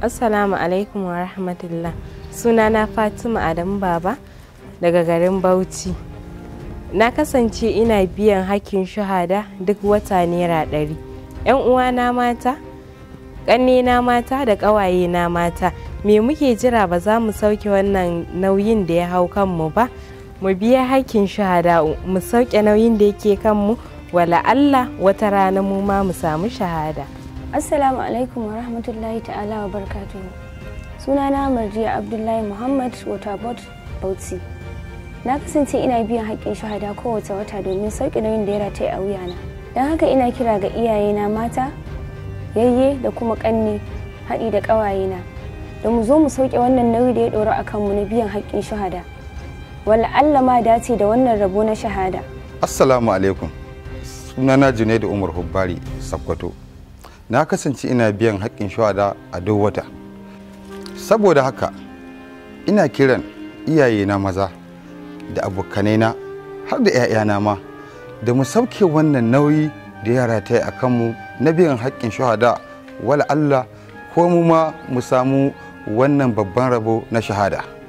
Assalamu alaikum wa rahmatullah. Sunana Fatima Adamu Baba daga garin Bauchi. Na kasance ina biyan hakkin shahada duk wata naira ɗari. 'Yan uwana mata, ƙannena mata da ƙawayena mata, me muke jira ba za mu sauke wannan nauyin da ya hau kanmu ba? Mu biya hakkin shahada mu sauke nauyin da yake kanmu wala Allah wata rana mu ma mu samu shahada. Assalamu alaikum wa rahmatullahi ta'ala wa barkatuhu. Sunana Marjiya Abdullahi Muhammad watabot Bauchi. Na kasance ina biyan haƙƙin shahada kowace wata domin sauƙi nauyin da ya rataye a wuyana. Don haka ina kira ga iyayena mata, yayye da kuma ƙanne haɗi da ƙawayena. Da mu zo mu sauƙe wannan nauyi da ya ɗora a kanmu na biyan haƙƙin shahada. Wala Allah ma dace da wannan rabo na shahada. Assalamu alaikum. Sunana Junaidu Umar Hubbari, Sakkwato. na kasance ina biyan haƙƙin shawada a duk wata saboda haka ina kiran iyayena maza da abokanaina har da 'ya'yana ma da mu sauke wannan nauyi da yara ta yi a kanmu na biyan haƙƙin shahada wala Allah ko mu ma mu samu wannan babban rabo na shahada